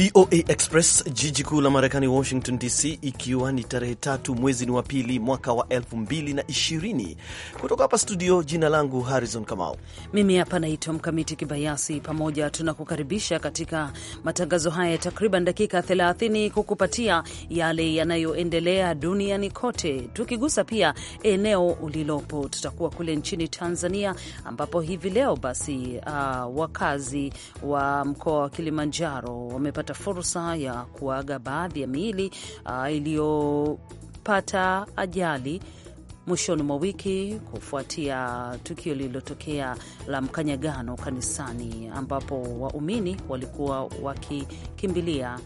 VOA Express, jiji kuu la Marekani, Washington DC, ikiwa ni tarehe tatu mwezi ni wa pili mwaka wa elfu mbili na ishirini. Kutoka hapa studio, jina langu Harrison Kamau, mimi hapa naitwa Mkamiti Kibayasi. Pamoja tunakukaribisha katika matangazo haya ya takriban dakika 30 kukupatia yale yanayoendelea duniani kote, tukigusa pia eneo ulilopo. Tutakuwa kule nchini Tanzania ambapo hivi leo basi, uh, wakazi wa mkoa wa Kilimanjaro wamepata tumepata fursa ya kuaga baadhi ya miili uh, iliyopata ajali mwishoni mwa wiki kufuatia tukio lililotokea la mkanyagano kanisani ambapo waumini walikuwa wakikimbilia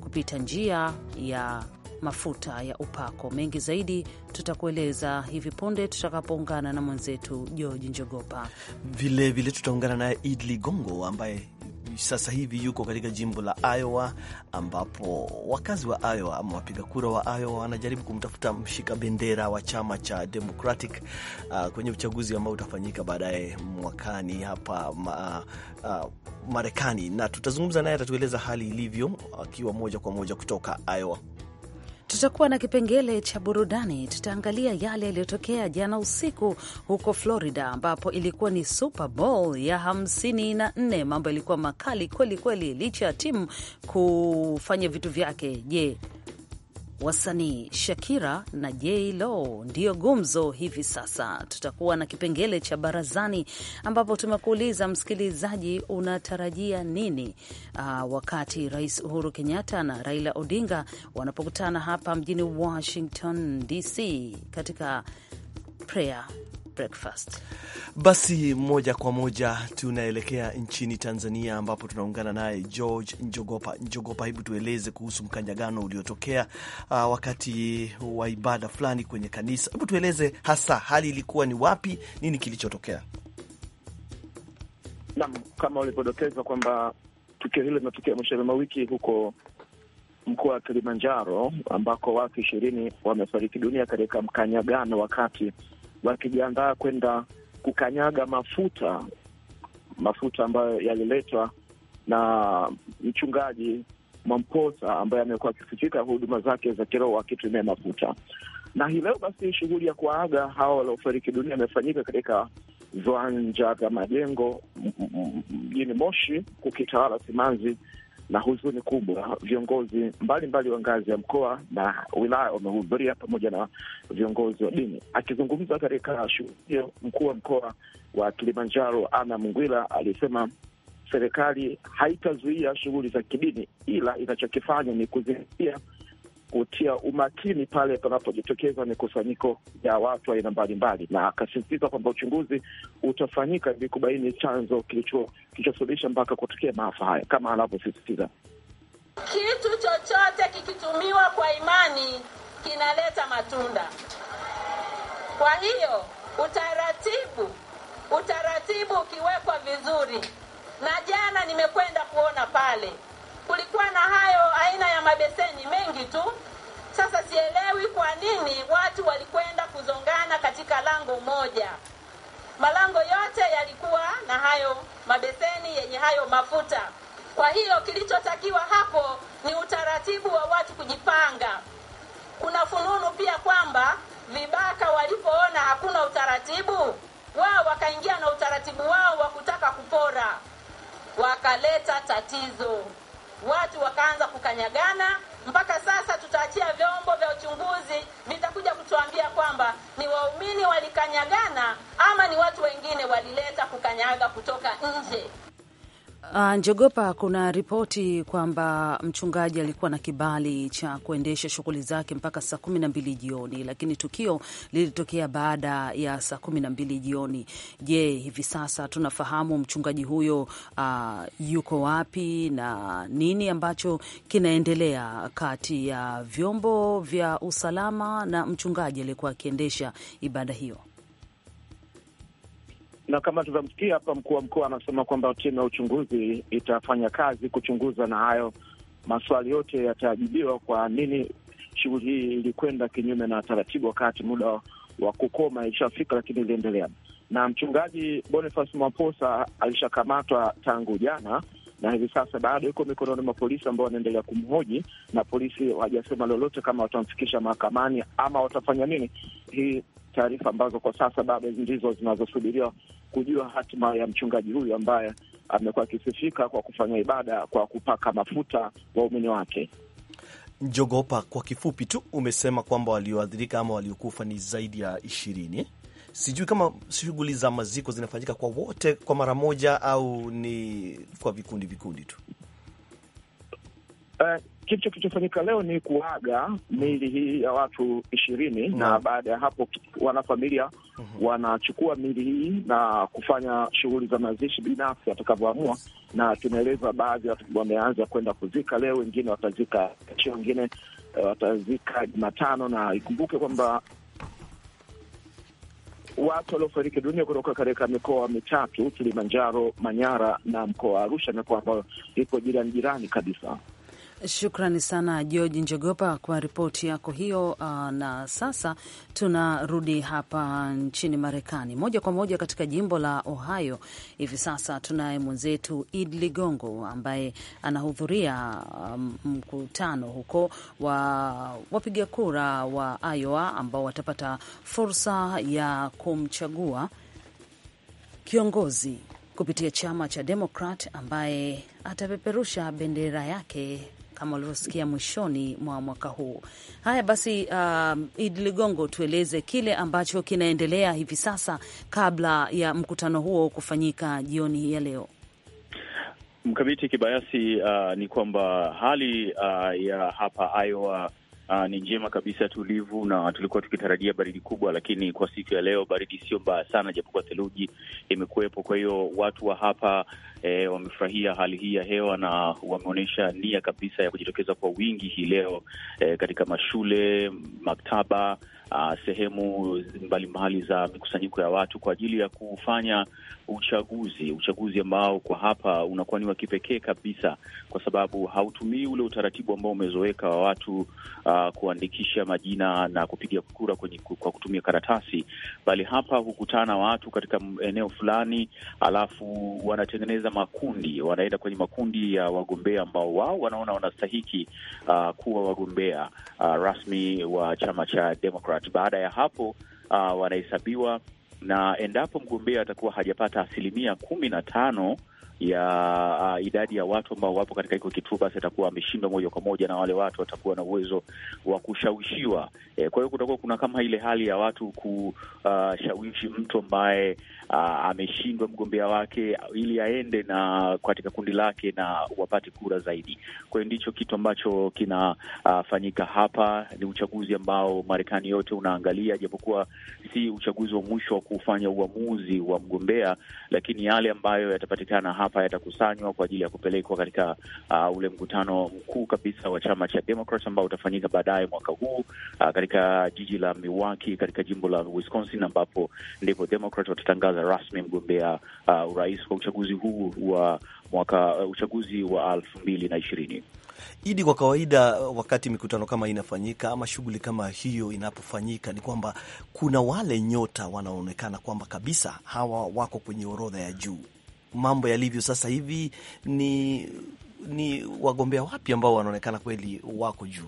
kupita njia ya mafuta ya upako. Mengi zaidi tutakueleza hivi punde tutakapoungana na mwenzetu George Njogopa. Vilevile tutaungana naye Idli Gongo ambaye sasa hivi yuko katika jimbo la Iowa, ambapo wakazi wa Iowa ama wapiga kura wa Iowa wanajaribu kumtafuta mshika bendera wa chama cha Democratic uh, kwenye uchaguzi ambao utafanyika baadaye mwakani hapa ma, uh, uh Marekani, na tutazungumza naye, atatueleza hali ilivyo akiwa moja kwa moja kutoka Iowa. Tutakuwa na kipengele cha burudani, tutaangalia yale yaliyotokea jana usiku huko Florida, ambapo ilikuwa ni Super Bowl ya 54. Mambo yalikuwa makali kweli kweli, licha ya timu kufanya vitu vyake. Je, wasanii Shakira na J Lo ndiyo gumzo hivi sasa. Tutakuwa na kipengele cha barazani, ambapo tumekuuliza msikilizaji, unatarajia nini aa, ah, wakati Rais Uhuru Kenyatta na Raila Odinga wanapokutana hapa mjini Washington DC katika prayer breakfast. Basi moja kwa moja tunaelekea nchini Tanzania ambapo tunaungana naye George Njogopa. Njogopa, hebu tueleze kuhusu mkanyagano uliotokea uh, wakati wa ibada fulani kwenye kanisa. Hebu tueleze hasa hali ilikuwa ni wapi, nini kilichotokea? Naam, kama ulivyodokeza kwamba tukio hilo linatokea mwishoni mwa wiki huko mkoa wa Kilimanjaro ambako watu ishirini wamefariki dunia katika mkanyagano wakati wakijiandaa kwenda kukanyaga mafuta, mafuta ambayo yaliletwa na mchungaji Mwamposa ambaye amekuwa akisikika huduma zake za kiroho akitumia mafuta. Na hii leo basi shughuli ya kuwaaga hawa waliofariki dunia imefanyika katika viwanja vya Majengo mjini Moshi, kukitawala simanzi na huzuni kubwa, viongozi mbalimbali wa ngazi ya mkoa na wilaya wamehudhuria pamoja na viongozi wa dini. Akizungumza katika shughuli hiyo, mkuu wa mkoa wa Kilimanjaro Ana Mngwila alisema serikali haitazuia shughuli za kidini, ila inachokifanya ni kuzingatia kutia umakini pale panapojitokeza mikusanyiko ya watu aina mbalimbali, na akasisitiza kwamba uchunguzi utafanyika ili kubaini chanzo kilichosababisha mpaka kutokea maafa haya, kama anavyosisitiza: kitu chochote kikitumiwa kwa imani kinaleta matunda. Kwa hiyo utaratibu utaratibu ukiwekwa vizuri, na jana nimekwenda kuona pale kulikuwa na hayo aina ya mabeseni mengi tu sielewi kwa nini watu walikwenda kuzongana katika lango moja. Malango yote yalikuwa na hayo mabeseni yenye hayo mafuta. Kwa hiyo kilichotakiwa hapo ni utaratibu wa watu kujipanga. Kuna fununu pia kwamba vibaka walipoona hakuna utaratibu wao, wakaingia na utaratibu wao wa kutaka kupora, wakaleta tatizo, watu wakaanza kukanyagana mpaka sasa tutaachia vyombo vya uchunguzi vitakuja kutuambia kwamba ni waumini walikanyagana ama ni watu wengine walileta kukanyaga kutoka nje. Uh, njogopa, kuna ripoti kwamba mchungaji alikuwa na kibali cha kuendesha shughuli zake mpaka saa kumi na mbili jioni, lakini tukio lilitokea baada ya saa kumi na mbili jioni. Je, hivi sasa tunafahamu mchungaji huyo uh, yuko wapi na nini ambacho kinaendelea kati ya vyombo vya usalama na mchungaji aliyekuwa akiendesha ibada hiyo? na kama tulivyomsikia hapa, mkuu wa mkoa anasema kwamba timu ya uchunguzi itafanya kazi kuchunguza, na hayo maswali yote yatajibiwa, kwa nini shughuli hii ilikwenda kinyume na taratibu, wakati muda wa kukoma ilishafika, lakini iliendelea. Na mchungaji Boniface Mwaposa alishakamatwa tangu jana na hivi sasa bado iko mikononi mwa polisi ambao wanaendelea kumhoji, na polisi hawajasema lolote kama watamfikisha mahakamani ama watafanya nini. Hii taarifa ambazo kwa sasa bado ndizo zinazosubiriwa kujua hatima ya mchungaji huyu ambaye amekuwa akisifika kwa kufanya ibada kwa kupaka mafuta waumini wake. Njogopa, kwa kifupi tu umesema kwamba walioathirika ama waliokufa ni zaidi ya ishirini. Sijui kama shughuli za maziko zinafanyika kwa wote kwa mara moja au ni kwa vikundi vikundi tu. Uh, kitu kilichofanyika leo ni kuaga mili hii ya watu ishirini na baada ya hapo wanafamilia mm -hmm. wanachukua mili hii na kufanya shughuli za mazishi binafsi watakavyoamua, na tunaeleza baadhi wameanza kwenda kuzika leo, wengine watazika kesho, wengine eh, watazika Jumatano, na ikumbuke kwamba watu waliofariki dunia kutoka katika mikoa mitatu Kilimanjaro, Manyara na mkoa wa Arusha, mikoa ambayo iko jirani jirani kabisa. Shukrani sana George Njogopa kwa ripoti yako hiyo. Ah, na sasa tunarudi hapa nchini Marekani moja kwa moja katika jimbo la Ohio. Hivi sasa tunaye mwenzetu Id Ligongo ambaye anahudhuria ah, mkutano huko wa wapiga kura wa Iowa ambao watapata fursa ya kumchagua kiongozi kupitia chama cha Demokrat ambaye atapeperusha bendera yake kama ulivyosikia mwishoni mwa mwaka huu. Haya basi, uh, Idi Ligongo, tueleze kile ambacho kinaendelea hivi sasa kabla ya mkutano huo kufanyika jioni ya leo. Mkamiti Kibayasi, uh, ni kwamba hali uh, ya hapa Iowa uh, ni njema kabisa, tulivu, na tulikuwa tukitarajia baridi kubwa, lakini kwa siku ya leo baridi sio mbaya sana, japokuwa theluji imekuwepo. Kwa hiyo watu wa hapa eh, wamefurahia hali hii ya hewa na wameonyesha nia kabisa ya kujitokeza kwa wingi hii leo eh, katika mashule, maktaba uh, sehemu mbalimbali za mikusanyiko ya watu kwa ajili ya kufanya uchaguzi, uchaguzi ambao kwa hapa unakuwa ni wa kipekee kabisa, kwa sababu hautumii ule utaratibu ambao umezoeka wa watu uh, kuandikisha majina na kupiga kura kwenye, kwa kutumia karatasi, bali hapa hukutana watu katika eneo fulani, alafu wanatengeneza makundi, wanaenda kwenye makundi ya wagombea ambao wao wanaona wanastahiki uh, kuwa wagombea uh, rasmi wa chama cha Democrat Senate. Baada ya hapo uh, wanahesabiwa na endapo mgombea atakuwa hajapata asilimia kumi na tano ya uh, idadi ya watu ambao wapo katika hiko kituo, basi atakuwa ameshindwa moja kwa moja, na wale watu watakuwa na uwezo wa kushawishiwa. E, kwa hiyo kutakuwa kuna kama ile hali ya watu kushawishi uh, mtu ambaye uh, ameshindwa mgombea wake ili aende na katika kundi lake na wapate kura zaidi. Kwa hiyo ndicho kitu ambacho kinafanyika uh, hapa. Ni uchaguzi ambao Marekani yote unaangalia, japokuwa si uchaguzi wa mwisho wa kufanya uamuzi wa mgombea, lakini yale ambayo yatapatikana hapa yatakusanywa kwa ajili ya kupelekwa katika uh, ule mkutano mkuu kabisa wa chama cha Democrats ambao utafanyika baadaye mwaka huu uh, katika jiji la Milwaukee katika jimbo la Wisconsin, ambapo ndipo Democrats watatangaza rasmi mgombea uh, urais kwa uchaguzi huu wa mwaka uh, uchaguzi wa elfu mbili na ishirini. Idi, kwa kawaida wakati mikutano kama inafanyika ama shughuli kama hiyo inapofanyika, ni kwamba kuna wale nyota wanaonekana kwamba kabisa hawa wako kwenye orodha ya juu mambo yalivyo sasa hivi, ni ni wagombea wapi ambao wanaonekana kweli wako juu?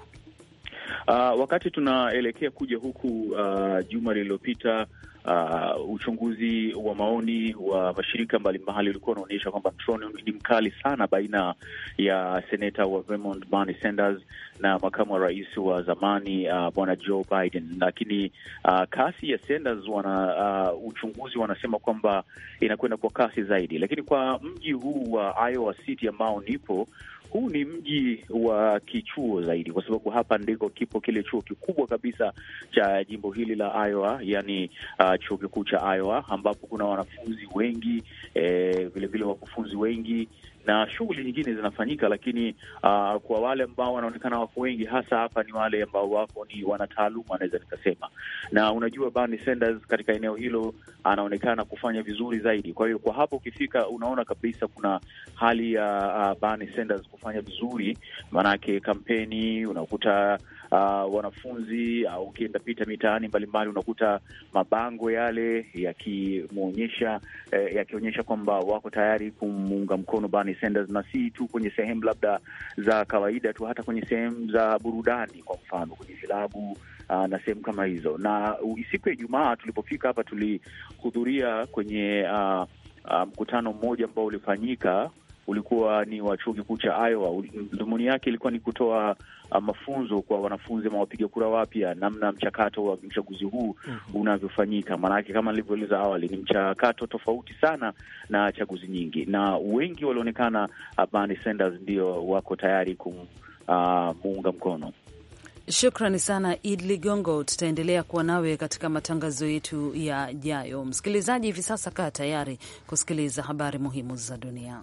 Uh, wakati tunaelekea kuja huku uh, juma lililopita uh, uchunguzi wa maoni wa mashirika mbalimbali ulikuwa unaonyesha kwamba mtoni ni mkali sana baina ya seneta wa Vermont Bernie Sanders na makamu wa rais wa zamani uh, bwana Joe Biden, lakini uh, kasi ya Sanders wana uh, uchunguzi wanasema kwamba inakwenda kwa kasi zaidi, lakini kwa mji huu wa Iowa City ambao nipo huu ni mji wa kichuo zaidi, kwa sababu hapa ndiko kipo kile chuo kikubwa kabisa cha jimbo hili la Iowa, yani uh, chuo kikuu cha Iowa ambapo kuna wanafunzi wengi vilevile vile wakufunzi wengi na shughuli nyingine zinafanyika, lakini uh, kwa wale ambao wanaonekana wako wengi hasa hapa ni wale ambao wako ni wanataaluma, anaweza nikasema. Na unajua Bernie Sanders katika eneo hilo anaonekana kufanya vizuri zaidi. Kwa hiyo kwa hapo ukifika, unaona kabisa kuna hali ya uh, uh, Bernie Sanders kufanya vizuri, maanake kampeni unakuta uh, wanafunzi au ah, uh, pita mitaani mbalimbali unakuta mabango yale yakimwonyesha eh, yakionyesha kwamba wako tayari kumuunga mkono Bernie Sanders, na si tu kwenye sehemu labda za kawaida tu, hata kwenye sehemu za burudani, kwa mfano kwenye vilabu uh, na sehemu kama hizo. Na siku ya Ijumaa tulipofika hapa tulihudhuria kwenye uh, mkutano um, mmoja ambao ulifanyika ulikuwa ni wa chuo kikuu cha Iowa. Dhumuni yake ilikuwa ni kutoa uh, mafunzo kwa wanafunzi ama wapiga kura wapya, namna mchakato wa uchaguzi huu mhm. unavyofanyika. Maanake kama nilivyoeleza awali, ni mchakato tofauti sana na chaguzi nyingi, na wengi walionekana uh, Bernie Sanders ndio wako tayari kumuunga uh, mkono. Shukrani sana Id Ligongo, tutaendelea kuwa nawe katika matangazo yetu yajayo. Msikilizaji, hivi sasa kaa tayari kusikiliza habari muhimu za dunia.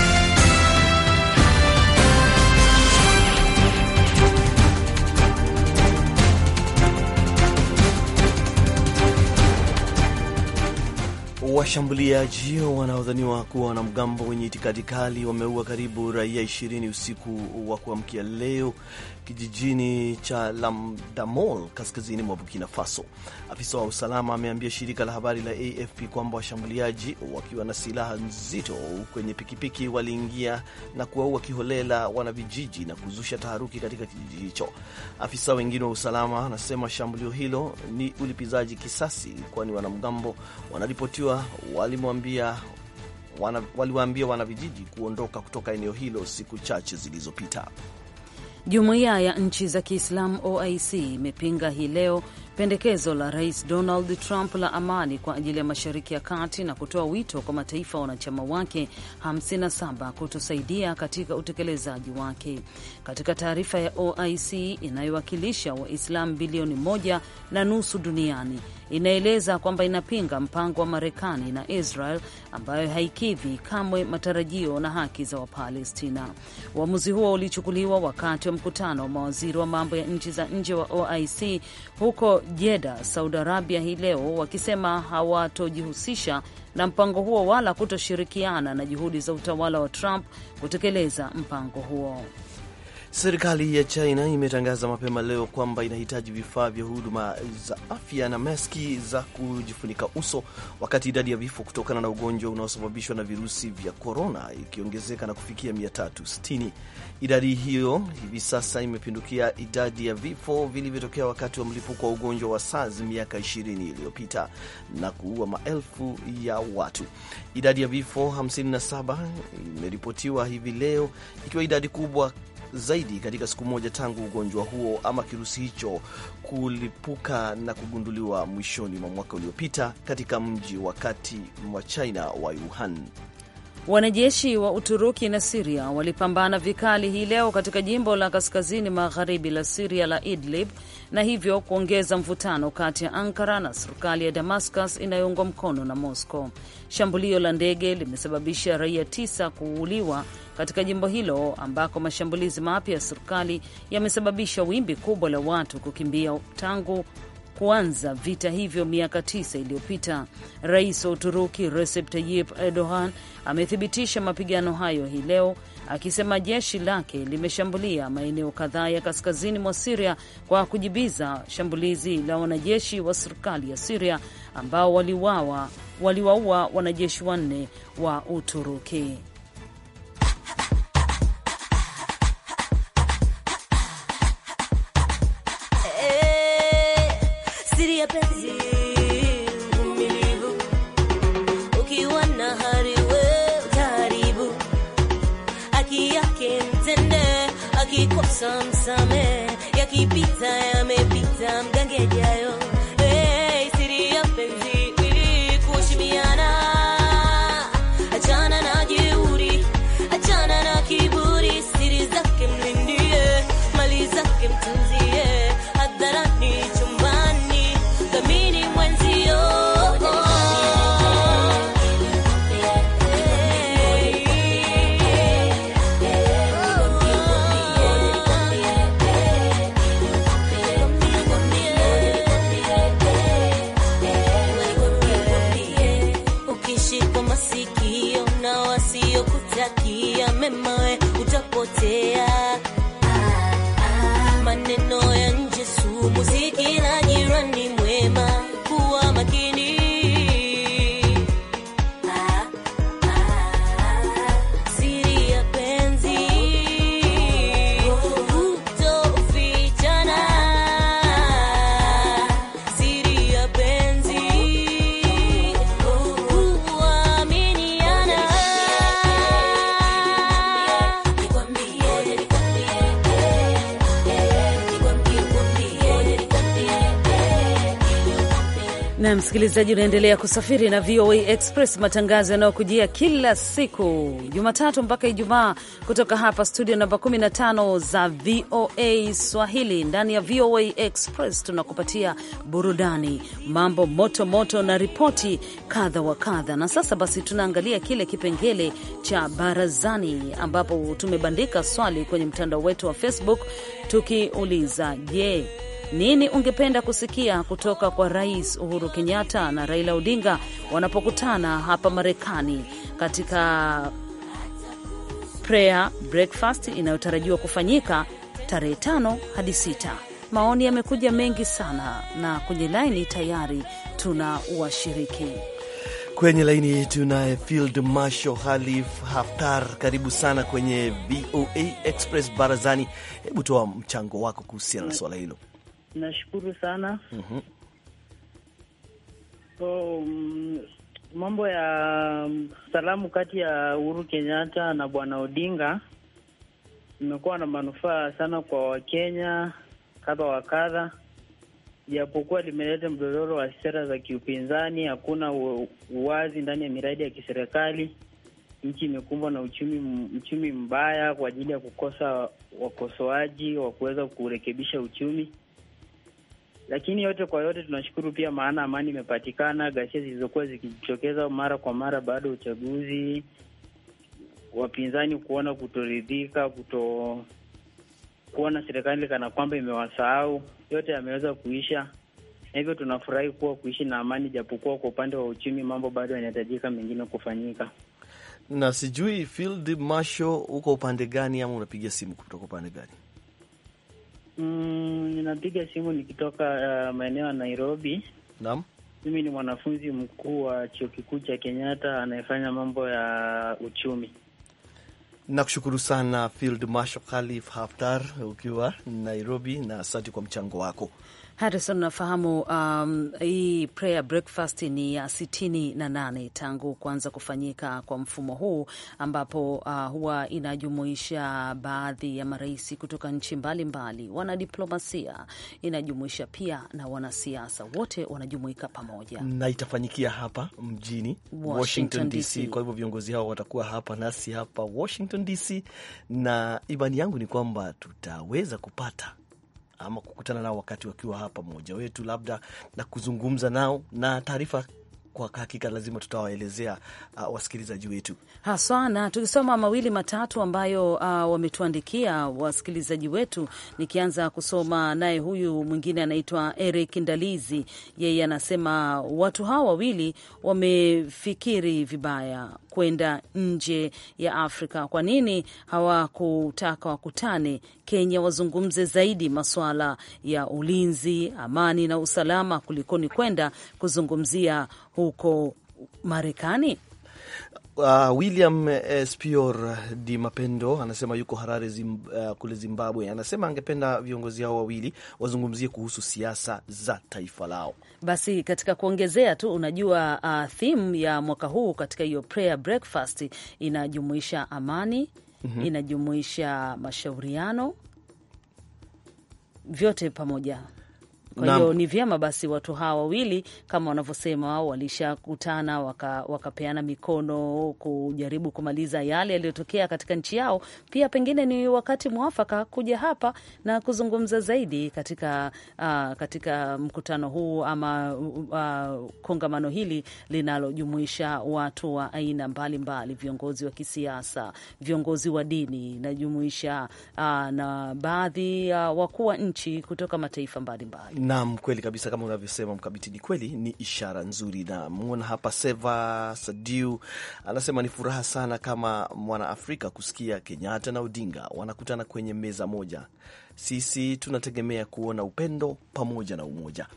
Washambuliaji wanaodhaniwa kuwa wanamgambo wenye itikadi kali wameua karibu raia ishirini usiku wa kuamkia leo kijijini cha Lamdamol kaskazini mwa Burkina Faso. Afisa wa usalama ameambia shirika la habari la AFP kwamba washambuliaji wakiwa na silaha nzito kwenye pikipiki waliingia na kuwaua kiholela wanavijiji na kuzusha taharuki katika kijiji hicho. Afisa wengine wa usalama anasema shambulio hilo ni ulipizaji kisasi, kwani wanamgambo wanaripotiwa walimwambia wana, waliwaambia wanavijiji kuondoka kutoka eneo hilo siku chache zilizopita. Jumuiya ya nchi za Kiislamu OIC imepinga hii leo pendekezo la Rais Donald Trump la amani kwa ajili ya Mashariki ya Kati na kutoa wito kwa mataifa wanachama wake 57 kutosaidia katika utekelezaji wake. Katika taarifa ya OIC inayowakilisha Waislamu bilioni moja na nusu duniani inaeleza kwamba inapinga mpango wa Marekani na Israel ambayo haikidhi kamwe matarajio na haki za Wapalestina. Uamuzi huo ulichukuliwa wakati wa mkutano wa mawaziri wa mambo ya nchi za nje wa OIC huko Jeddah, Saudi Arabia hii leo wakisema hawatojihusisha na mpango huo wala kutoshirikiana na juhudi za utawala wa Trump kutekeleza mpango huo. Serikali ya China imetangaza mapema leo kwamba inahitaji vifaa vya huduma za afya na maski za kujifunika uso, wakati idadi ya vifo kutokana na ugonjwa unaosababishwa na virusi vya korona ikiongezeka na kufikia 360. Idadi hiyo hivi sasa imepindukia idadi ya vifo vilivyotokea wakati wa mlipuko wa ugonjwa wa SARS miaka 20 iliyopita na kuua maelfu ya watu. Idadi ya vifo 57 imeripotiwa hivi leo ikiwa idadi kubwa zaidi katika siku moja tangu ugonjwa huo ama kirusi hicho kulipuka na kugunduliwa mwishoni mwa mwaka uliopita katika mji wa kati mwa China wa Wuhan. Wanajeshi wa Uturuki na Siria walipambana vikali hii leo katika jimbo la kaskazini magharibi la Siria la Idlib na hivyo kuongeza mvutano kati ya Ankara na serikali ya Damascus inayoungwa mkono na Moscow. Shambulio la ndege limesababisha raia tisa kuuliwa katika jimbo hilo ambako mashambulizi mapya ya serikali yamesababisha wimbi kubwa la watu kukimbia tangu kuanza vita hivyo miaka tisa iliyopita. Rais wa Uturuki Recep Tayyip Erdogan amethibitisha mapigano hayo hii leo akisema jeshi lake limeshambulia maeneo kadhaa ya kaskazini mwa Siria kwa kujibiza shambulizi la wanajeshi wa serikali ya Siria ambao waliwaua wanajeshi wanne wa Uturuki. siri ya penzi uvumilivu, ukiwa na hari we utaharibu. Aki yake mtende, akikosa msame, msikilizaji, unaendelea kusafiri na VOA Express, matangazo yanayokujia kila siku Jumatatu mpaka Ijumaa kutoka hapa studio namba 15 za VOA Swahili. Ndani ya VOA Express tunakupatia burudani, mambo moto moto na ripoti kadha wa kadha. Na sasa basi, tunaangalia kile kipengele cha barazani, ambapo tumebandika swali kwenye mtandao wetu wa Facebook tukiuliza je, yeah. Nini ungependa kusikia kutoka kwa Rais Uhuru Kenyatta na Raila Odinga wanapokutana hapa Marekani katika prayer breakfast inayotarajiwa kufanyika tarehe tano hadi sita. Maoni yamekuja mengi sana, na kwenye laini tayari tuna washiriki kwenye laini. Tuna Field Marshal Halif Haftar, karibu sana kwenye VOA Express Barazani. Hebu toa mchango wako kuhusiana na swala hilo nashukuru sana uh-huh. So, um, mambo ya mm, salamu kati ya Uhuru Kenyatta na Bwana Odinga imekuwa na manufaa sana kwa Wakenya kadha wa kadha, japokuwa limeleta mdororo wa sera za kiupinzani. Hakuna uwazi ndani ya miradi ya kiserikali. Nchi imekumbwa na uchumi, uchumi mbaya kwa ajili ya kukosa wakosoaji wa kuweza kurekebisha uchumi. Lakini yote kwa yote tunashukuru pia, maana amani imepatikana. Ghasia zilizokuwa zikijitokeza mara kwa mara baada ya uchaguzi, wapinzani kuona kutoridhika, kuto kuona serikali kana kwamba imewasahau, yote yameweza kuisha, na hivyo tunafurahi kuwa kuishi na amani, japokuwa kwa upande wa uchumi mambo bado yanahitajika mengine kufanyika na sijui Field Marshal, uko upande gani ama unapiga simu kutoka upande gani? Mm, ninapiga simu nikitoka uh, maeneo ya Nairobi. Naam. Mimi ni mwanafunzi mkuu wa chuo kikuu cha Kenyatta anayefanya mambo ya uchumi. Nakushukuru sana Field Marshal Khalif Haftar ukiwa Nairobi, na asante kwa mchango wako. Harrison, nafahamu um, hii prayer breakfast ni ya sitini na nane tangu kuanza kufanyika kwa mfumo huu ambapo uh, huwa inajumuisha baadhi ya marais kutoka nchi mbalimbali, wanadiplomasia, inajumuisha pia na wanasiasa, wote wanajumuika pamoja, na itafanyikia hapa mjini Washington, Washington DC. Kwa hivyo viongozi hao watakuwa hapa nasi hapa Washington Washington DC, na imani yangu ni kwamba tutaweza kupata ama kukutana nao wakati wakiwa hapa, mmoja wetu labda na kuzungumza nao na taarifa kwa hakika lazima tutawaelezea uh, wasikilizaji wetu haswa, na tukisoma mawili matatu ambayo uh, wametuandikia wasikilizaji wetu. Nikianza kusoma naye, huyu mwingine anaitwa Eric Ndalizi, yeye anasema watu hawa wawili wamefikiri vibaya kwenda nje ya Afrika. Kwa nini hawakutaka wakutane Kenya, wazungumze zaidi masuala ya ulinzi, amani na usalama kulikoni kwenda kuzungumzia huko Marekani? Uh, William eh, spior Di Mapendo anasema yuko Harare zim, uh, kule Zimbabwe. Anasema angependa viongozi hao wawili wazungumzie kuhusu siasa za taifa lao. Basi katika kuongezea tu, unajua uh, theme ya mwaka huu katika hiyo prayer breakfast inajumuisha amani, mm -hmm. inajumuisha mashauriano vyote pamoja kwa hiyo ni vyema basi watu hawa wawili kama wanavyosema walishakutana, wakapeana waka mikono kujaribu kumaliza yale yaliyotokea katika nchi yao. Pia pengine ni wakati mwafaka kuja hapa na kuzungumza zaidi katika, uh, katika mkutano huu ama uh, kongamano hili linalojumuisha watu wa aina mbalimbali, viongozi wa kisiasa, viongozi wa dini, najumuisha uh, ah, na baadhi ya uh, wakuu wa nchi kutoka mataifa mbalimbali. Naam, kweli kabisa, kama unavyosema Mkabiti, ni kweli, ni ishara nzuri. Namwona hapa Seva Sadiu anasema ni furaha sana kama mwanaafrika kusikia Kenyatta na Odinga wanakutana kwenye meza moja. Sisi tunategemea kuona upendo pamoja na umoja.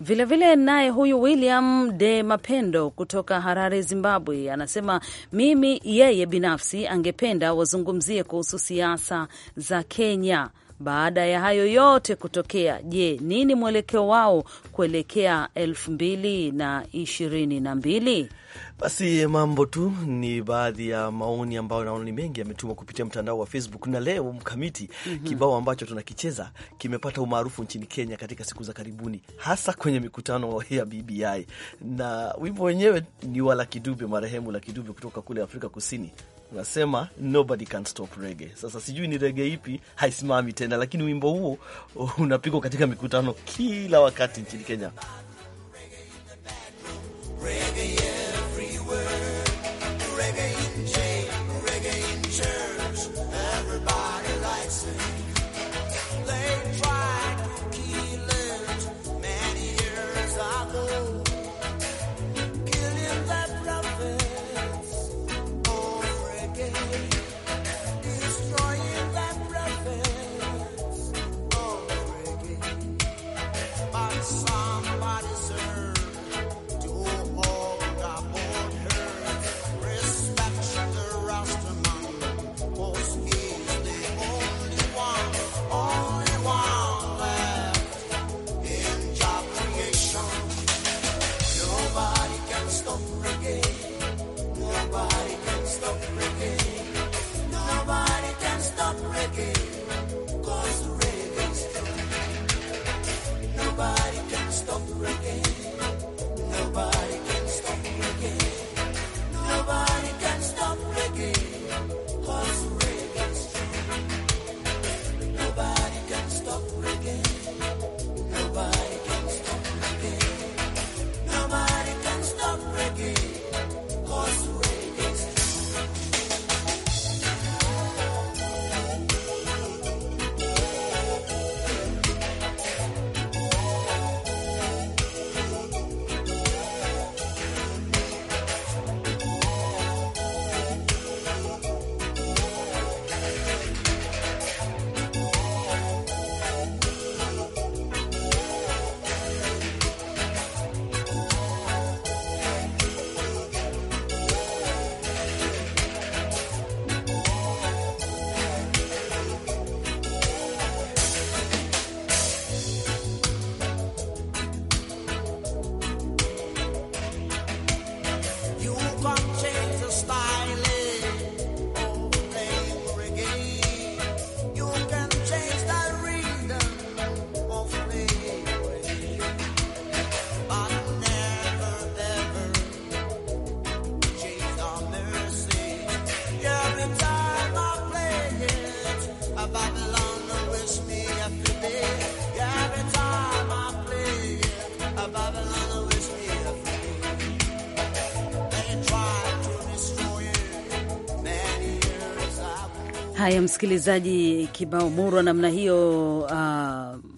Vilevile naye huyu William de Mapendo kutoka Harare, Zimbabwe, anasema mimi yeye binafsi angependa wazungumzie kuhusu siasa za Kenya baada ya hayo yote kutokea, je, nini mwelekeo wao kuelekea elfu mbili na ishirini na mbili? Basi mambo tu ni baadhi ya maoni ambayo naona ni mengi yametuma kupitia mtandao wa Facebook na leo mkamiti mm -hmm. Kibao ambacho tunakicheza kimepata umaarufu nchini Kenya katika siku za karibuni, hasa kwenye mikutano ya BBI, na wimbo wenyewe ni wa Lucky Dube, marehemu Lucky Dube kutoka kule Afrika Kusini, unasema nobody can stop rege. Sasa sijui ni rege ipi haisimami tena, lakini wimbo huo unapigwa katika mikutano kila wakati nchini Kenya. Haya, msikilizaji, kibao murwa namna hiyo. Uh,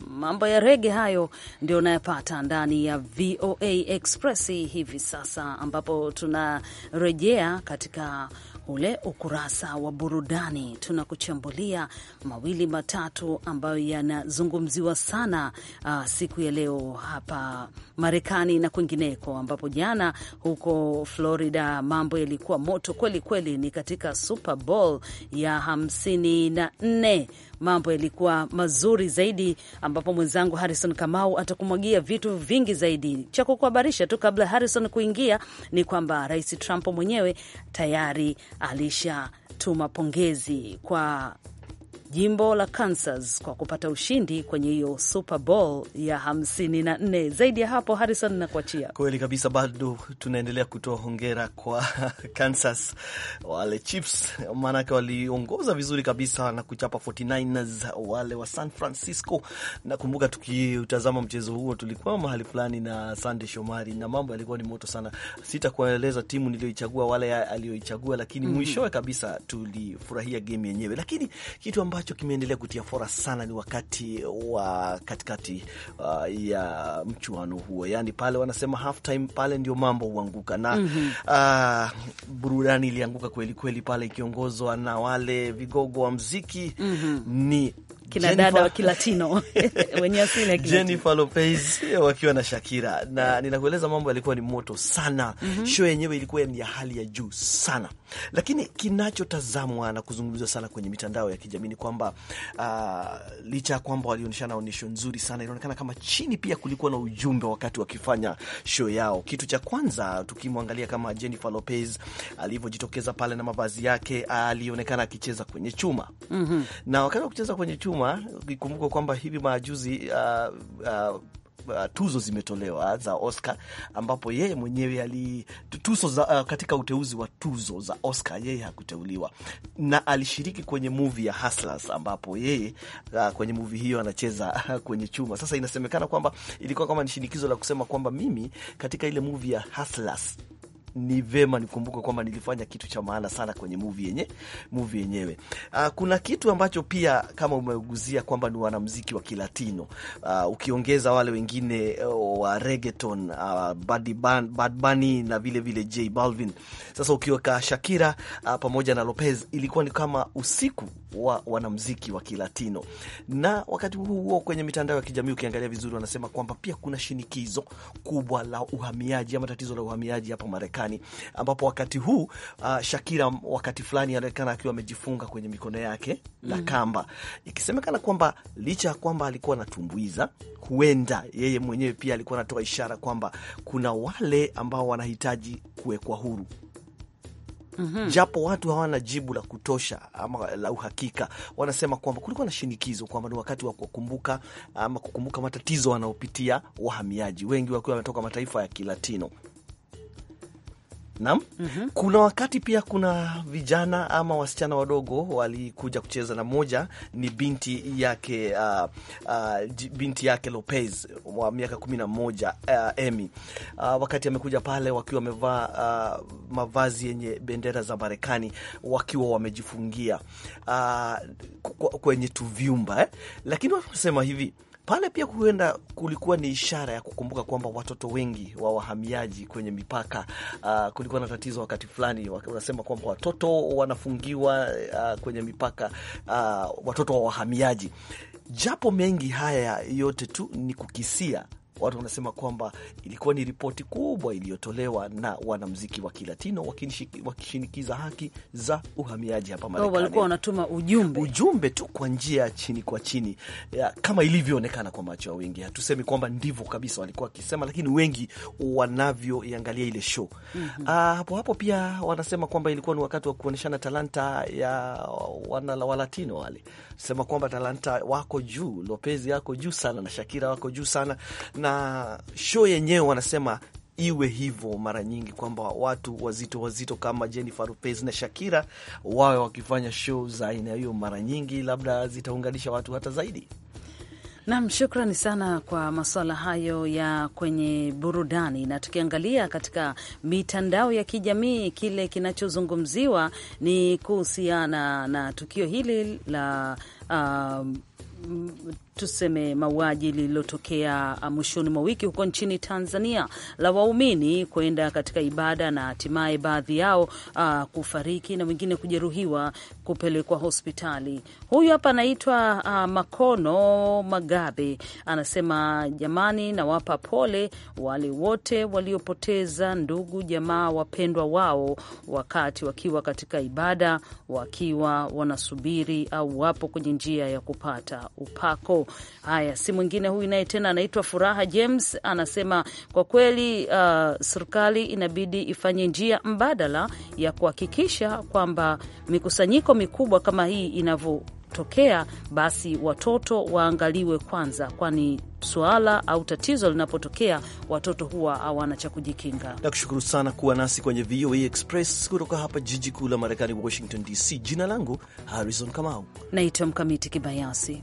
mambo ya rege hayo ndio unayapata ndani ya VOA Express hivi sasa, ambapo tunarejea katika ule ukurasa wa burudani tunakuchambulia mawili matatu ambayo yanazungumziwa sana uh, siku ya leo hapa Marekani na kwingineko, ambapo jana huko Florida mambo yalikuwa moto kweli kweli. Ni katika Super Bowl ya hamsini na nne mambo yalikuwa mazuri zaidi, ambapo mwenzangu Harrison Kamau atakumwagia vitu vingi zaidi. Cha kukuhabarisha tu kabla Harrison kuingia ni kwamba Rais Trump mwenyewe tayari alishatuma pongezi kwa jimbo la Kansas kwa kupata ushindi kwenye hiyo Super Bowl ya 54. Zaidi ya hapo, Harrison nakuachia. Kweli kabisa, bado tunaendelea kutoa hongera kwa Kansas, wale Chiefs maanake waliongoza vizuri kabisa na kuchapa 49ers wale wa San Francisco. Nakumbuka tukiutazama mchezo huo tulikuwa mahali fulani na Sande Shomari na mambo yalikuwa ni moto sana. Sitakueleza timu niliyoichagua wale aliyoichagua, lakini mm -hmm. mwishowe kabisa tulifurahia game yenyewe, lakini kitu ambacho ambacho kimeendelea kutia fora sana ni wakati wa katikati uh, ya mchuano huo, yaani pale wanasema half time, pale ndio mambo huanguka na mm -hmm. uh, burudani ilianguka kweli kweli pale ikiongozwa na wale vigogo wa mziki mm -hmm. ni kina Jennifer... dada wa Kilatino wenye asili ya Jennifer Lopez wakiwa na Shakira na ninakueleza mambo yalikuwa ni moto sana mm -hmm. Show yenyewe ilikuwa ni ya hali ya juu sana lakini kinachotazamwa na kuzungumzwa sana kwenye mitandao ya kijamii ni kwamba uh, licha ya kwamba walionyeshana onyesho nzuri sana, inaonekana kama chini pia kulikuwa na ujumbe wakati wakifanya show yao. Kitu cha kwanza tukimwangalia kama Jennifer Lopez alivyojitokeza pale na mavazi yake, alionekana akicheza kwenye chuma mm -hmm. na wakati wa kucheza kwenye chuma, ikumbuka kwamba hivi majuzi uh, uh, uh, tuzo zimetolewa za Oscar, ambapo yeye mwenyewe ali tuzo za, uh, katika uteuzi wa tuzo za Oscar yeye hakuteuliwa, na alishiriki kwenye movie ya Hustlers, ambapo yeye uh, kwenye movie hiyo anacheza uh, kwenye chuma. Sasa inasemekana kwamba ilikuwa kama ni shinikizo la kusema kwamba mimi katika ile movie ya Hustlers ni vema nikumbuke kwamba nilifanya kitu cha maana sana kwenye movie yenye movie yenyewe. Uh, kuna kitu ambacho pia kama umeuguzia kwamba ni wanamuziki wa Kilatino uh, ukiongeza wale wengine uh, wa reggaeton uh, Bad Bunny na vile vile J Balvin. Sasa ukiweka Shakira uh, pamoja na Lopez, ilikuwa ni kama usiku wa wanamziki wa Kilatino. Na wakati huo huo, kwenye mitandao ya kijamii ukiangalia vizuri, wanasema kwamba pia kuna shinikizo kubwa la uhamiaji ama tatizo la uhamiaji hapa Marekani, ambapo wakati huu uh, Shakira wakati fulani anaonekana akiwa amejifunga kwenye mikono yake na mm, kamba, ikisemekana kwamba licha ya kwamba alikuwa anatumbuiza, huenda yeye mwenyewe pia alikuwa anatoa ishara kwamba kuna wale ambao wanahitaji kuwekwa huru -hmm. Japo watu hawana jibu la kutosha ama la uhakika. Wanasema kwamba kulikuwa na shinikizo kwamba ni wakati wa kuwakumbuka ama kukumbuka matatizo wanaopitia wahamiaji wengi wakiwa wametoka mataifa ya Kilatino Naam, mm -hmm. Kuna wakati pia kuna vijana ama wasichana wadogo walikuja kucheza na moja ni binti yake uh, uh, binti yake Lopez wa miaka kumi na moja uh, Emi uh, wakati amekuja pale wakiwa wamevaa uh, mavazi yenye bendera za Marekani wakiwa wamejifungia uh, kwenye tuvyumba eh? Lakini watu hivi pale pia huenda kulikuwa ni ishara ya kukumbuka kwamba watoto wengi wa wahamiaji kwenye mipaka uh, kulikuwa na tatizo wakati fulani, wanasema kwamba watoto wanafungiwa uh, kwenye mipaka uh, watoto wa wahamiaji, japo mengi haya yote tu ni kukisia watu wanasema kwamba ilikuwa ni ripoti kubwa iliyotolewa na wanamziki wa Kilatino wakishinikiza haki za uhamiaji hapa oh, Marekani. Walikuwa wanatuma ujumbe ujumbe tu kwa njia ya chini kwa chini ya, kama ilivyoonekana kwa macho ya wengi. Hatusemi kwamba ndivyo kabisa walikuwa wakisema, lakini wengi wanavyoiangalia ile show mm -hmm. Ah, hapo hapo pia wanasema kwamba ilikuwa ni wakati wa kuonyeshana talanta ya wana Walatino wale, sema kwamba talanta wako juu, lopezi yako juu sana na Shakira wako juu sana na show yenyewe wanasema iwe hivyo mara nyingi, kwamba watu wazito wazito kama Jennifer Lopez na Shakira wawe wakifanya show za aina hiyo mara nyingi, labda zitaunganisha watu hata zaidi. Nam, shukrani sana kwa masuala hayo ya kwenye burudani. Na tukiangalia katika mitandao ya kijamii, kile kinachozungumziwa ni kuhusiana na tukio hili la uh, tuseme mauaji lililotokea uh, mwishoni mwa wiki huko nchini Tanzania la waumini kwenda katika ibada na hatimaye baadhi yao uh, kufariki na wengine kujeruhiwa kupelekwa hospitali. Huyu hapa anaitwa uh, Makono Magabe anasema, jamani, nawapa pole wale wote waliopoteza ndugu, jamaa, wapendwa wao wakati wakiwa katika ibada, wakiwa wanasubiri au wapo kwenye njia ya kupata upako. Haya, si mwingine huyu naye tena anaitwa Furaha James, anasema kwa kweli, uh, serikali inabidi ifanye njia mbadala ya kuhakikisha kwamba mikusanyiko mikubwa kama hii inavyo tokea basi watoto waangaliwe kwanza, kwani suala au tatizo linapotokea watoto huwa hawana cha kujikinga. Nakushukuru sana kuwa nasi kwenye VOA Express kutoka hapa jiji kuu la Marekani, Washington DC. Jina langu Harrison Kamau, naitwa Mkamiti Kibayasi.